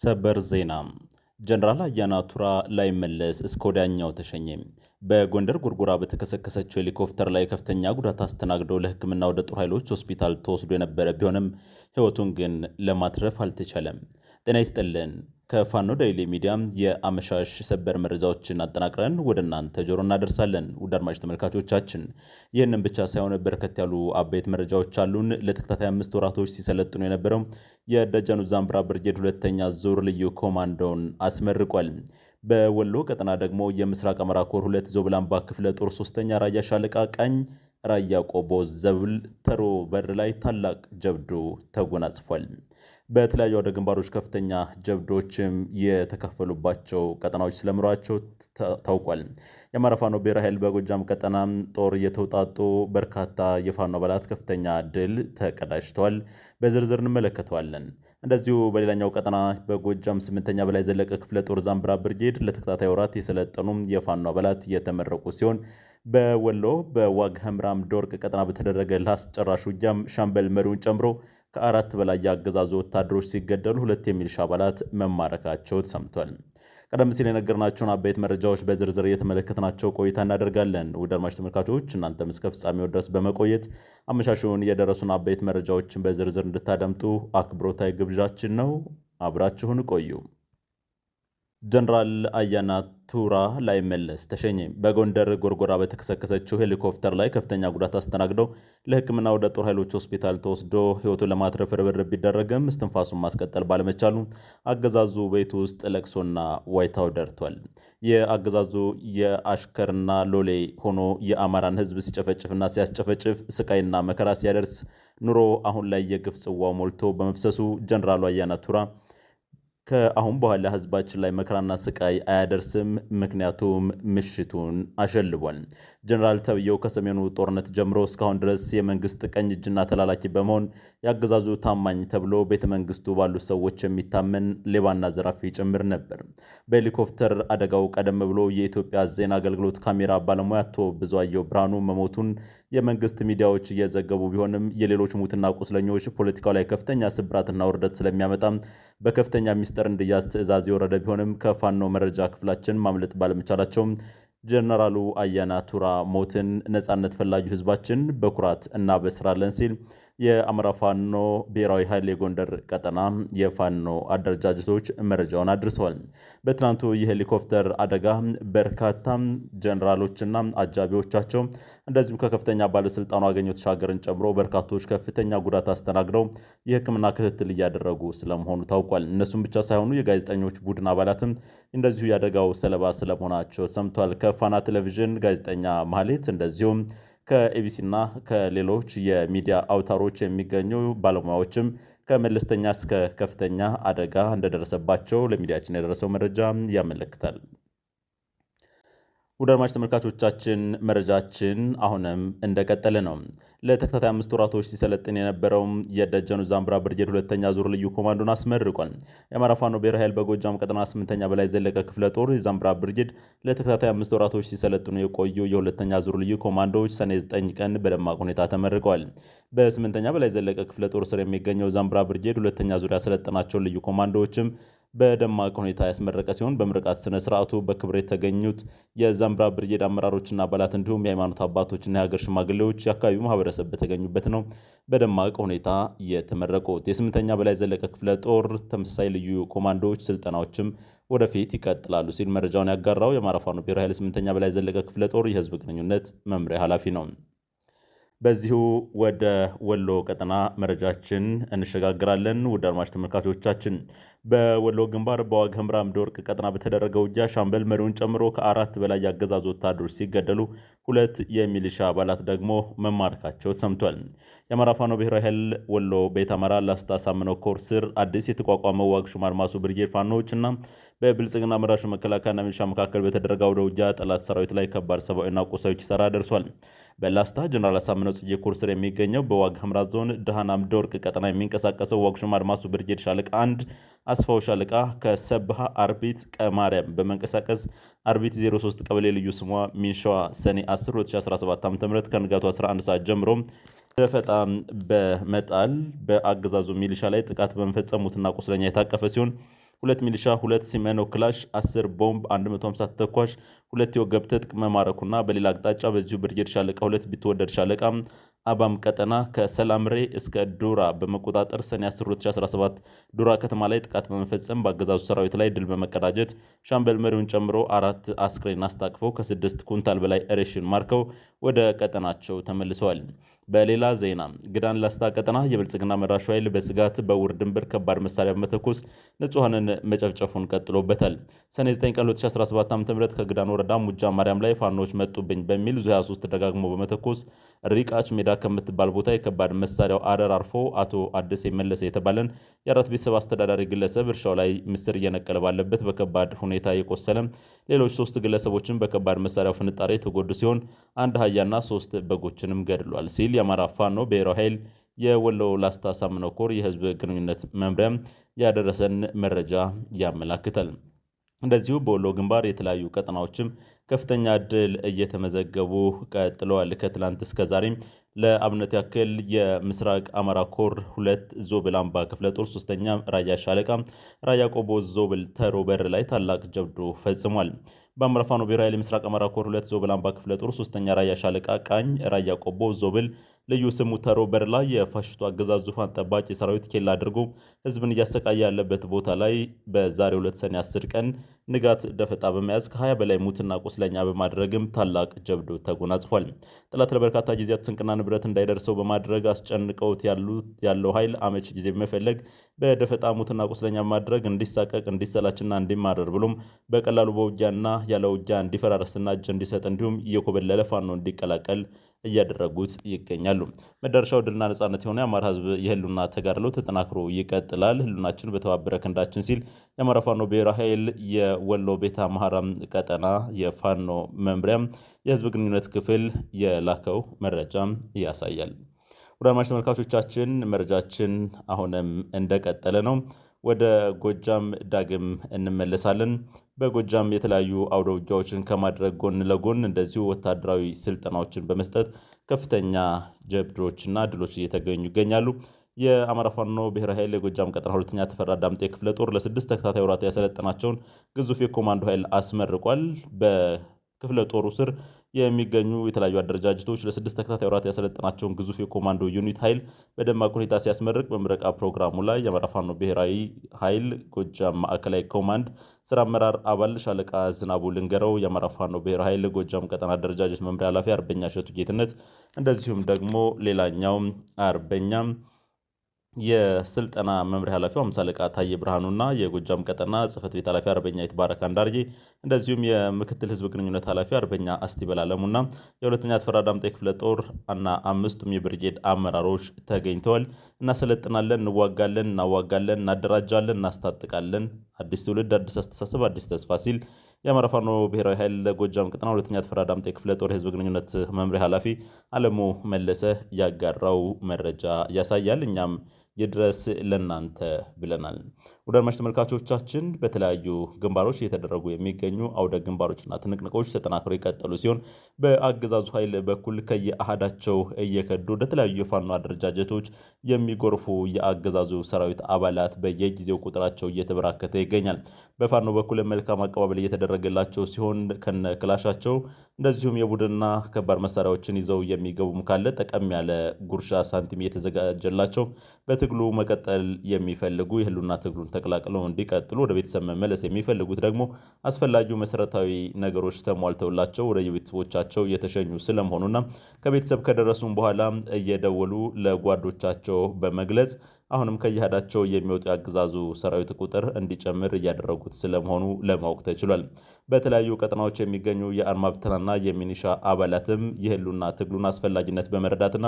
ሰበር ዜና ጀነራል አያና ቱራ ላይመለስ እስከ ወዲያኛው ተሸኘ። በጎንደር ጎርጎራ በተከሰከሰችው ሄሊኮፕተር ላይ ከፍተኛ ጉዳት አስተናግዶ ለሕክምና ወደ ጦር ኃይሎች ሆስፒታል ተወስዶ የነበረ ቢሆንም ሕይወቱን ግን ለማትረፍ አልተቻለም። ጤና ይስጥልን ከፋኖ ዳይሊ ሚዲያ የአመሻሽ ሰበር መረጃዎችን አጠናቅረን ወደ እናንተ ጆሮ እናደርሳለን። ውድ አድማጭ ተመልካቾቻችን ይህንን ብቻ ሳይሆን በርከት ያሉ አበይት መረጃዎች አሉን። ለተከታታይ አምስት ወራቶች ሲሰለጥኑ የነበረው የደጃኑ ዛምብራ ብርጌድ ሁለተኛ ዙር ልዩ ኮማንዶን አስመርቋል። በወሎ ቀጠና ደግሞ የምስራቅ አማራ ኮር ሁለት ዞብላምባ ክፍለ ጦር ሶስተኛ ራያ ሻለቃ ቀኝ ራያ ቆቦ ዘብል ተሮ በር ላይ ታላቅ ጀብዶ ተጎናጽፏል። በተለያዩ አውደ ግንባሮች ከፍተኛ ጀብዶችም የተከፈሉባቸው ቀጠናዎች ስለምሯቸው ታውቋል። የአማራ ፋኖ ብሔራዊ ኃይል በጎጃም ቀጠና ጦር የተውጣጡ በርካታ የፋኖ አባላት ከፍተኛ ድል ተቀዳጅተዋል። በዝርዝር እንመለከተዋለን። እንደዚሁ በሌላኛው ቀጠና በጎጃም ስምንተኛ በላይ ዘለቀ ክፍለ ጦር ዛምብራ ብርጌድ ለተከታታይ ወራት የሰለጠኑ የፋኖ አባላት የተመረቁ ሲሆን በወሎ በዋግ ህምራም ዶርቅ ቀጠና በተደረገ ለአስጨራሽ ውጊያም ሻምበል መሪውን ጨምሮ ከአራት በላይ የአገዛዙ ወታደሮች ሲገደሉ ሁለት የሚልሻ አባላት መማረካቸው ተሰምቷል። ቀደም ሲል የነገርናቸውን አበይት መረጃዎች በዝርዝር እየተመለከትናቸው ቆይታ እናደርጋለን። ውድ አድማጭ ተመልካቾች እናንተም እስከ ፍጻሜው ድረስ በመቆየት አመሻሹን የደረሱን አበይት መረጃዎችን በዝርዝር እንድታደምጡ አክብሮታዊ ግብዣችን ነው። አብራችሁን ቆዩ። ጀነራል አያና ቱራ መለስ ተሸኘ በጎንደር ጎርጎራ በተከሰከሰችው ሄሊኮፕተር ላይ ከፍተኛ ጉዳት አስተናግደው ለሕክምና ወደ ጦር ኃይሎች ሆስፒታል ተወስዶ ሕይወቱን ለማትረፍ ርብርብ ቢደረግም እስትንፋሱን ማስቀጠል ባለመቻሉ አገዛዙ ቤት ውስጥ ለቅሶና ዋይታው ደርቷል። የአገዛዙ የአሽከርና ሎሌ ሆኖ የአማራን ሕዝብ ሲጨፈጭፍና ሲያስጨፈጭፍ ስቃይና መከራ ሲያደርስ ኑሮ አሁን ላይ የግፍ ጽዋው ሞልቶ በመፍሰሱ ጀነራሉ አያና ቱራ ከአሁን በኋላ ህዝባችን ላይ መከራና ስቃይ አያደርስም፣ ምክንያቱም ምሽቱን አሸልቧል። ጀኔራል ተብዬው ከሰሜኑ ጦርነት ጀምሮ እስካሁን ድረስ የመንግስት ቀኝ እጅና ተላላኪ በመሆን ያገዛዙ ታማኝ ተብሎ ቤተ መንግስቱ ባሉ ሰዎች የሚታመን ሌባና ዘራፊ ጭምር ነበር። በሄሊኮፕተር አደጋው ቀደም ብሎ የኢትዮጵያ ዜና አገልግሎት ካሜራ ባለሙያ አቶ ብዙአየሁ ብርሃኑ መሞቱን የመንግስት ሚዲያዎች እየዘገቡ ቢሆንም የሌሎች ሙትና ቁስለኞች ፖለቲካው ላይ ከፍተኛ ስብራትና ውርደት ስለሚያመጣ በከፍተኛ ሚስ ሚኒስተር እንድያስ ትእዛዝ የወረደ ቢሆንም ከፋኖ መረጃ ክፍላችን ማምለጥ ባለመቻላቸውም ጀነራሉ አያና ቱራ ሞትን ነጻነት ፈላጊ ህዝባችን በኩራት እናበስራለን ሲል የአማራ ፋኖ ብሔራዊ ኃይል የጎንደር ቀጠና የፋኖ አደረጃጀቶች መረጃውን አድርሰዋል። በትናንቱ የሄሊኮፕተር አደጋ በርካታ ጀነራሎችና አጃቢዎቻቸው እንደዚሁም ከከፍተኛ ባለስልጣኑ አገኘሁ ተሻገርን ጨምሮ በርካቶች ከፍተኛ ጉዳት አስተናግደው የህክምና ክትትል እያደረጉ ስለመሆኑ ታውቋል። እነሱም ብቻ ሳይሆኑ የጋዜጠኞች ቡድን አባላትም እንደዚሁ የአደጋው ሰለባ ስለመሆናቸው ሰምቷል። ከፋና ቴሌቪዥን ጋዜጠኛ ማህሌት እንደዚሁም ከኤቢሲና ከሌሎች የሚዲያ አውታሮች የሚገኙ ባለሙያዎችም ከመለስተኛ እስከ ከፍተኛ አደጋ እንደደረሰባቸው ለሚዲያችን የደረሰው መረጃ ያመለክታል። ውድ አድማጭ ተመልካቾቻችን መረጃችን አሁንም እንደቀጠለ ነው። ለተከታታይ አምስት ወራቶች ሲሰለጥን የነበረውም የደጀኑ ዛምብራ ብርጌድ ሁለተኛ ዙር ልዩ ኮማንዶን አስመርቋል። የአማራ ፋኖ ብሔራዊ ኃይል በጎጃም ቀጠና ስምንተኛ በላይ ዘለቀ ክፍለ ጦር የዛምብራ ብርጌድ ለተከታታይ አምስት ወራቶች ሲሰለጥኑ የቆዩ የሁለተኛ ዙር ልዩ ኮማንዶዎች ሰኔ 9 ቀን በደማቅ ሁኔታ ተመርቀዋል። በስምንተኛ በላይ ዘለቀ ክፍለ ጦር ስር የሚገኘው ዛምብራ ብርጌድ ሁለተኛ ዙር ያሰለጠናቸውን ልዩ ኮማንዶዎችም በደማቅ ሁኔታ ያስመረቀ ሲሆን በምርቃት ስነ ስርዓቱ በክብር የተገኙት የዛምብራ ብርጌድ አመራሮችና አባላት እንዲሁም የሃይማኖት አባቶችና የሀገር ሽማግሌዎች የአካባቢው ማህበረሰብ በተገኙበት ነው በደማቅ ሁኔታ የተመረቁት። የስምንተኛ በላይ ዘለቀ ክፍለ ጦር ተመሳሳይ ልዩ ኮማንዶዎች ስልጠናዎችም ወደፊት ይቀጥላሉ ሲል መረጃውን ያጋራው የማራፋኖ ብሔራዊ ኃይል ስምንተኛ በላይ ዘለቀ ክፍለ ጦር የህዝብ ግንኙነት መምሪያ ኃላፊ ነው። በዚሁ ወደ ወሎ ቀጠና መረጃችን እንሸጋግራለን። ውድ አድማጭ ተመልካቾቻችን በወሎ ግንባር በዋግ ኽምራ ቀጠና በተደረገ ውጊያ ሻምበል መሪውን ጨምሮ ከአራት በላይ የአገዛዙ ወታደሮች ሲገደሉ ሁለት የሚሊሻ አባላት ደግሞ መማረካቸው ተሰምቷል። የአማራ ፋኖ ብሔራዊ ኃይል ወሎ ቤት አማራ ላስታ ሳምነው ኮር ስር አዲስ የተቋቋመው ዋግ ሹም አድማሱ ብርጌድ ፋኖዎችና በብልጽግና መራሹ መከላከያና ሚሊሻ መካከል በተደረገ አውደ ውጊያ ጠላት ሰራዊት ላይ ከባድ ሰብአዊና ቁሳዊ ኪሳራ ደርሷል። በላስታ ጀነራል አሳምነው ጽጌ ኮር ስር የሚገኘው በዋግ ህምራ ዞን ደሃን አምደ ቀጠና የሚንቀሳቀሰው ዋግሹም አድማሱ ብርጌድ ሻለቃ አንድ አስፋው ሻለቃ ከሰብሃ አርቢት ቀማርያም በመንቀሳቀስ አርቢት 03 ቀበሌ ልዩ ስሟ ሚንሸዋ ሰኔ 10 2017 ዓ.ም ከንጋቱ 11 ሰዓት ጀምሮ ደፈጣ በመጣል በአገዛዙ ሚሊሻ ላይ ጥቃት በመፈጸሙትና ቁስለኛ የታቀፈ ሲሆን ሁለት ሚሊሻ፣ ሁለት ሲሜኖ ክላሽ፣ 10 ቦምብ፣ 150 ተኳሽ፣ ሁለት የወገብ ትጥቅ መማረኩና በሌላ አቅጣጫ በዚሁ ብርጌድ ሻለቃ ሁለት ቢትወደድ ሻለቃ አባም ቀጠና ከሰላምሬ እስከ ዱራ በመቆጣጠር ሰኔ 10 2017 ዱራ ከተማ ላይ ጥቃት በመፈጸም በአገዛዙ ሰራዊት ላይ ድል በመቀዳጀት ሻምበል መሪውን ጨምሮ አራት አስክሬን አስታቅፈው ከስድስት ኩንታል በላይ ሬሽን ማርከው ወደ ቀጠናቸው ተመልሰዋል። በሌላ ዜና ግዳን ላስታ ቀጠና የብልጽግና መራሹ ኃይል በስጋት በውር ድንበር ከባድ መሳሪያ በመተኮስ ንጹሐንን መጨፍጨፉን ቀጥሎበታል። ሰኔ 9 ቀን 2017 ዓ.ም ከግዳን ወረዳ ሙጃ ማርያም ላይ ፋኖች መጡብኝ በሚል ዙ 23 ደጋግሞ በመተኮስ ሪቃች ሜዳ ከምትባል ቦታ የከባድ መሳሪያው አረር አርፎ አቶ አደሴ መለሰ የተባለን የአራት ቤተሰብ አስተዳዳሪ ግለሰብ እርሻው ላይ ምስር እየነቀለ ባለበት በከባድ ሁኔታ የቆሰለ ሌሎች ሶስት ግለሰቦችን በከባድ መሳሪያ ፍንጣሪ የተጎዱ ሲሆን አንድ አህያና ሶስት በጎችንም ገድሏል ሲል የአማራ ፋኖ ብሔራዊ ኃይል የወሎ ላስታ ሳምነው ኮር የህዝብ ግንኙነት መምሪያም ያደረሰን መረጃ ያመላክታል። እንደዚሁ በወሎ ግንባር የተለያዩ ቀጠናዎችም ከፍተኛ ድል እየተመዘገቡ ቀጥለዋል። ከትላንት እስከ ዛሬም ለአብነት ያክል የምስራቅ አማራ ኮር ሁለት ዞብል አምባ ክፍለ ጦር ሶስተኛ ራያ ሻለቃ ራያ ቆቦ ዞብል ተሮበር ላይ ታላቅ ጀብዶ ፈጽሟል። በአማራ ፋኖ ብሔራዊ ኃይል አማራ ኮር ሁለት ዞብል አምባ ክፍለ ጦር ሶስተኛ ራያ ሻለቃ ቃኝ ራያ ቆቦ ዞብል ልዩ ስሙ ተሮበር ላይ የፋሽቱ አገዛዝ ዙፋን ጠባቂ ሰራዊት ኬላ አድርጎ ህዝብን እያሰቃየ ያለበት ቦታ ላይ በዛሬ ሁለት ሰኔ አስር ቀን ንጋት ደፈጣ በመያዝ ከ20 በላይ ሙትና ቁስለኛ በማድረግም ታላቅ ጀብዶ ተጎናጽፏል። ጠላት ለበርካታ ጊዜያት ስንቅና ንብረት እንዳይደርሰው በማድረግ አስጨንቀውት ያለው ኃይል አመች ጊዜ በመፈለግ በደፈጣ ሙትና ቁስለኛ በማድረግ እንዲሳቀቅ፣ እንዲሰላችና እንዲማረር ብሎም በቀላሉ በውጊያና ያለ እንዲፈራረስና እጅ እንዲሰጥ እንዲሁም እየኮበለለ ፋኖ እንዲቀላቀል እያደረጉት ይገኛሉ። መዳረሻው ድልና ነጻነት የሆነ የአማራ ህዝብ የህሉና ተጋድሎ ተጠናክሮ ይቀጥላል። ህሉናችን በተባበረ ክንዳችን ሲል የአማራ ፋኖ ብሔራዊ ኃይል የወሎ ቤተ አማራ ቀጠና የፋኖ መምሪያ የህዝብ ግንኙነት ክፍል የላከው መረጃም ያሳያል። ውድ አድማጭ ተመልካቾቻችን መረጃችን አሁንም እንደቀጠለ ነው። ወደ ጎጃም ዳግም እንመለሳለን። በጎጃም የተለያዩ አውደ ውጊያዎችን ከማድረግ ጎን ለጎን እንደዚሁ ወታደራዊ ስልጠናዎችን በመስጠት ከፍተኛ ጀብዶችና ድሎች እየተገኙ ይገኛሉ። የአማራ ፋኖ ብሔራዊ ኃይል የጎጃም ቀጠና ሁለተኛ ተፈራ ዳምጤ ክፍለ ጦር ለስድስት ተከታታይ ወራት ያሰለጠናቸውን ግዙፍ የኮማንዶ ኃይል አስመርቋል። በክፍለ ጦሩ ስር የሚገኙ የተለያዩ አደረጃጀቶች ለስድስት ተከታታይ ወራት ያሰለጠናቸውን ግዙፍ የኮማንዶ ዩኒት ኃይል በደማቅ ሁኔታ ሲያስመርቅ በምረቃ ፕሮግራሙ ላይ የአማራ ፋኖ ብሔራዊ ኃይል ጎጃም ማዕከላዊ ኮማንድ ስራ አመራር አባል ሻለቃ ዝናቡ ልንገረው፣ የአማራ ፋኖ ብሔራዊ ኃይል ጎጃም ቀጠና አደረጃጀት መምሪያ ኃላፊ አርበኛ እሸቱ ጌትነት እንደዚሁም ደግሞ ሌላኛው አርበኛ የስልጠና መምሪያ ኃላፊው አምሳ አለቃ ታዬ ብርሃኑና የጎጃም ቀጠና ጽህፈት ቤት ኃላፊ አርበኛ የተባረከ አንዳርጌ እንደዚሁም የምክትል ህዝብ ግንኙነት ኃላፊ አርበኛ አስቲበል አለሙና የሁለተኛ ተፈራ ዳምጤ ክፍለ ጦር እና አምስቱም የብርጌድ አመራሮች ተገኝተዋል። እናሰለጥናለን፣ እንዋጋለን፣ እናዋጋለን፣ እናደራጃለን፣ እናስታጥቃለን፣ አዲስ ትውልድ፣ አዲስ አስተሳሰብ፣ አዲስ ተስፋ ሲል የአማራ ፋኖ ብሔራዊ ኃይል ለጎጃም ቅጥና ሁለተኛ ተፈራ ዳምጤ ክፍለ ጦር የህዝብ ግንኙነት መምሪያ ኃላፊ አለሙ መለሰ ያጋራው መረጃ ያሳያል። እኛም ይድረስ ለእናንተ ብለናል። ወደ አድማጭ ተመልካቾቻችን በተለያዩ ግንባሮች እየተደረጉ የሚገኙ አውደ ግንባሮችና ትንቅንቆች ተጠናክረው የቀጠሉ ሲሆን በአገዛዙ ኃይል በኩል ከየአሃዳቸው እየከዱ ወደ ተለያዩ የፋኖ አደረጃጀቶች የሚጎርፉ የአገዛዙ ሰራዊት አባላት በየጊዜው ቁጥራቸው እየተበራከተ ይገኛል። በፋኖ በኩል መልካም አቀባበል እየተደረገላቸው ሲሆን ከነ ክላሻቸው እንደዚሁም የቡድንና ከባድ መሳሪያዎችን ይዘው የሚገቡም ካለ ጠቀም ያለ ጉርሻ ሳንቲም እየተዘጋጀላቸው በትግሉ መቀጠል የሚፈልጉ የህሉና ትግሉን ተቀላቅለው እንዲቀጥሉ ወደ ቤተሰብ መመለስ የሚፈልጉት ደግሞ አስፈላጊው መሰረታዊ ነገሮች ተሟልተውላቸው ወደ የቤተሰቦቻቸው እየተሸኙ ስለመሆኑና ከቤተሰብ ከደረሱም በኋላ እየደወሉ ለጓዶቻቸው በመግለጽ አሁንም ከየሃዳቸው የሚወጡ የአገዛዙ ሰራዊት ቁጥር እንዲጨምር እያደረጉት ስለመሆኑ ለማወቅ ተችሏል። በተለያዩ ቀጠናዎች የሚገኙ የአድማ የሚኒሻ አባላትም የህሉና ትግሉን አስፈላጊነት በመረዳትና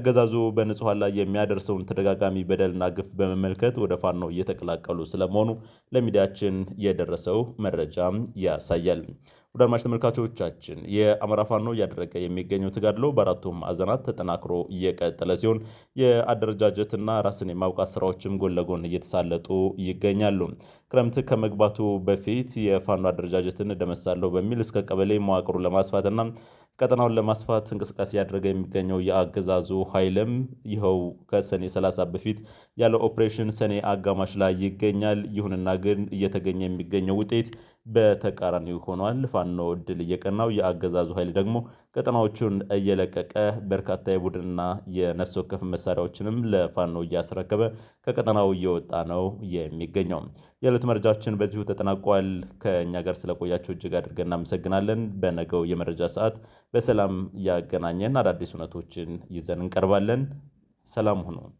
አገዛዙ በንጹሐን ላይ የሚያደርሰውን ተደጋጋሚ በደልና ግፍ በመመልከት ወደ ፋኖ እየተቀላቀሉ ስለመሆኑ ለሚዲያችን የደረሰው መረጃ ያሳያል። ወደ አድማጭ ተመልካቾቻችን የአማራ ፋኖ እያደረገ የሚገኘው ተጋድሎ በአራቱም አዘናት ተጠናክሮ እየቀጠለ ሲሆን የአደረጃጀትና ራስን የማብቃት ስራዎችም ጎን ለጎን እየተሳለጡ ይገኛሉ። ክረምት ከመግባቱ በፊት የፋኖ አደረጃጀትን እደመሳለሁ በሚል እስከ ቀበሌ መዋቅሩን ለማስፋትና ቀጠናውን ለማስፋት እንቅስቃሴ ያደረገ የሚገኘው የአገዛዙ ኃይልም ይኸው ከሰኔ 30 በፊት ያለ ኦፕሬሽን ሰኔ አጋማሽ ላይ ይገኛል። ይሁንና ግን እየተገኘ የሚገኘው ውጤት በተቃራኒው ሆኗል። ፋኖ እድል እየቀናው፣ የአገዛዙ ኃይል ደግሞ ቀጠናዎቹን እየለቀቀ በርካታ የቡድንና የነፍስ ወከፍ መሳሪያዎችንም ለፋኖ እያስረከበ ከቀጠናው እየወጣ ነው የሚገኘው። የዕለቱ መረጃችን በዚሁ ተጠናቋል። ከእኛ ጋር ስለቆያቸው እጅግ አድርገን እናመሰግናለን። በነገው የመረጃ ሰዓት በሰላም ያገናኘን። አዳዲስ እውነቶችን ይዘን እንቀርባለን። ሰላም ሁኑን።